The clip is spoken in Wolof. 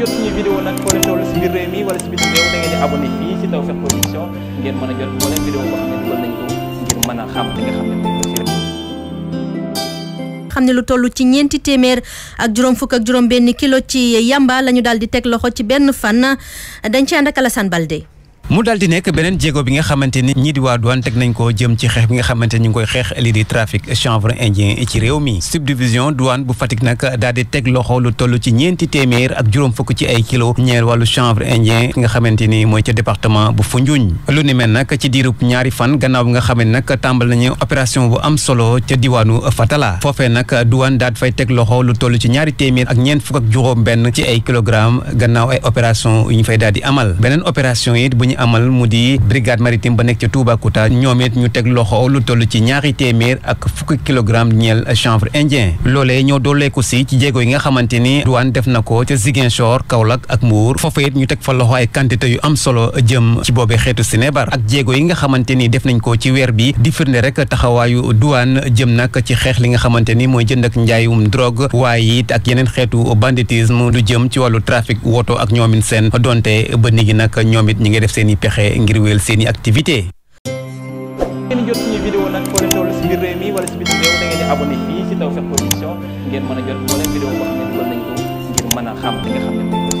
xam ne lu toll ci ñeenti téeméer ak juróom fukk ak juróom benn kilo ci yamba la ñu daal di teg loxo ci benn fan dañ ci ànd ak Alassane Balde mu daal di nekk beneen jéego bi nga xamante ni ñii di waa douane teg nañ ko jëm ci xeex bi nga xamante ni ñu ngi koy xeex lii di trafic chanvre indien ci réew mi subdivision douane bu Fatick nag daal di teg loxo lu toll ci ñeenti téeméer ak juróom fukk ci ay kilo ñeel wàllu chanvre indien nga xamante ni mooy ca département bu Foundiougne lu ni mel nag ci diirub ñaari fan gannaaw bi nga xam nag tàmbal nañu opération bu am solo ca diwaanu Fatala foofee nag douane daal di fay teg lu toll ci ñaari téeméer ak ñeent fukk ak juróom benn ci ay kilogramme gannaaw ay opération yu ñu fay daal di amal beneen opération yi ñu amal mu di brigade maritime ba nekk ci Toubacouta ñoom ñu teg loxo lu toll ci ñaari téeméer ak fukk kilogramme ñeel chanvre indien loolee ñoo dooleeku si ci jéego yi nga xamante ni douane def na ko ca Ziguinchor Kaolack ak Mbour foofu it ñu teg fa loxo ay quantité yu am solo jëm ci boobee xeetu sinébar ak jéego yi nga xamante ni def nañ ko ci weer bi di firnde rek taxawaayu duwaan jëm nag ci xeex li nga xamante ni mooy jënd ak njaayum drogue waaye it ak yeneen xeetu banditisme lu jëm ci wàllu trafic woto ak ñoomin seen donte ba nigi nag ñoom ñi ngi def seen seen pexe ngir wéyal seeni activité ngeen jot suñu vidéo nag foo leen si biir réew wala si biir réew da ngeen di a jot moo vidéo boo xam ne dugal nañ ngir mën xam li nga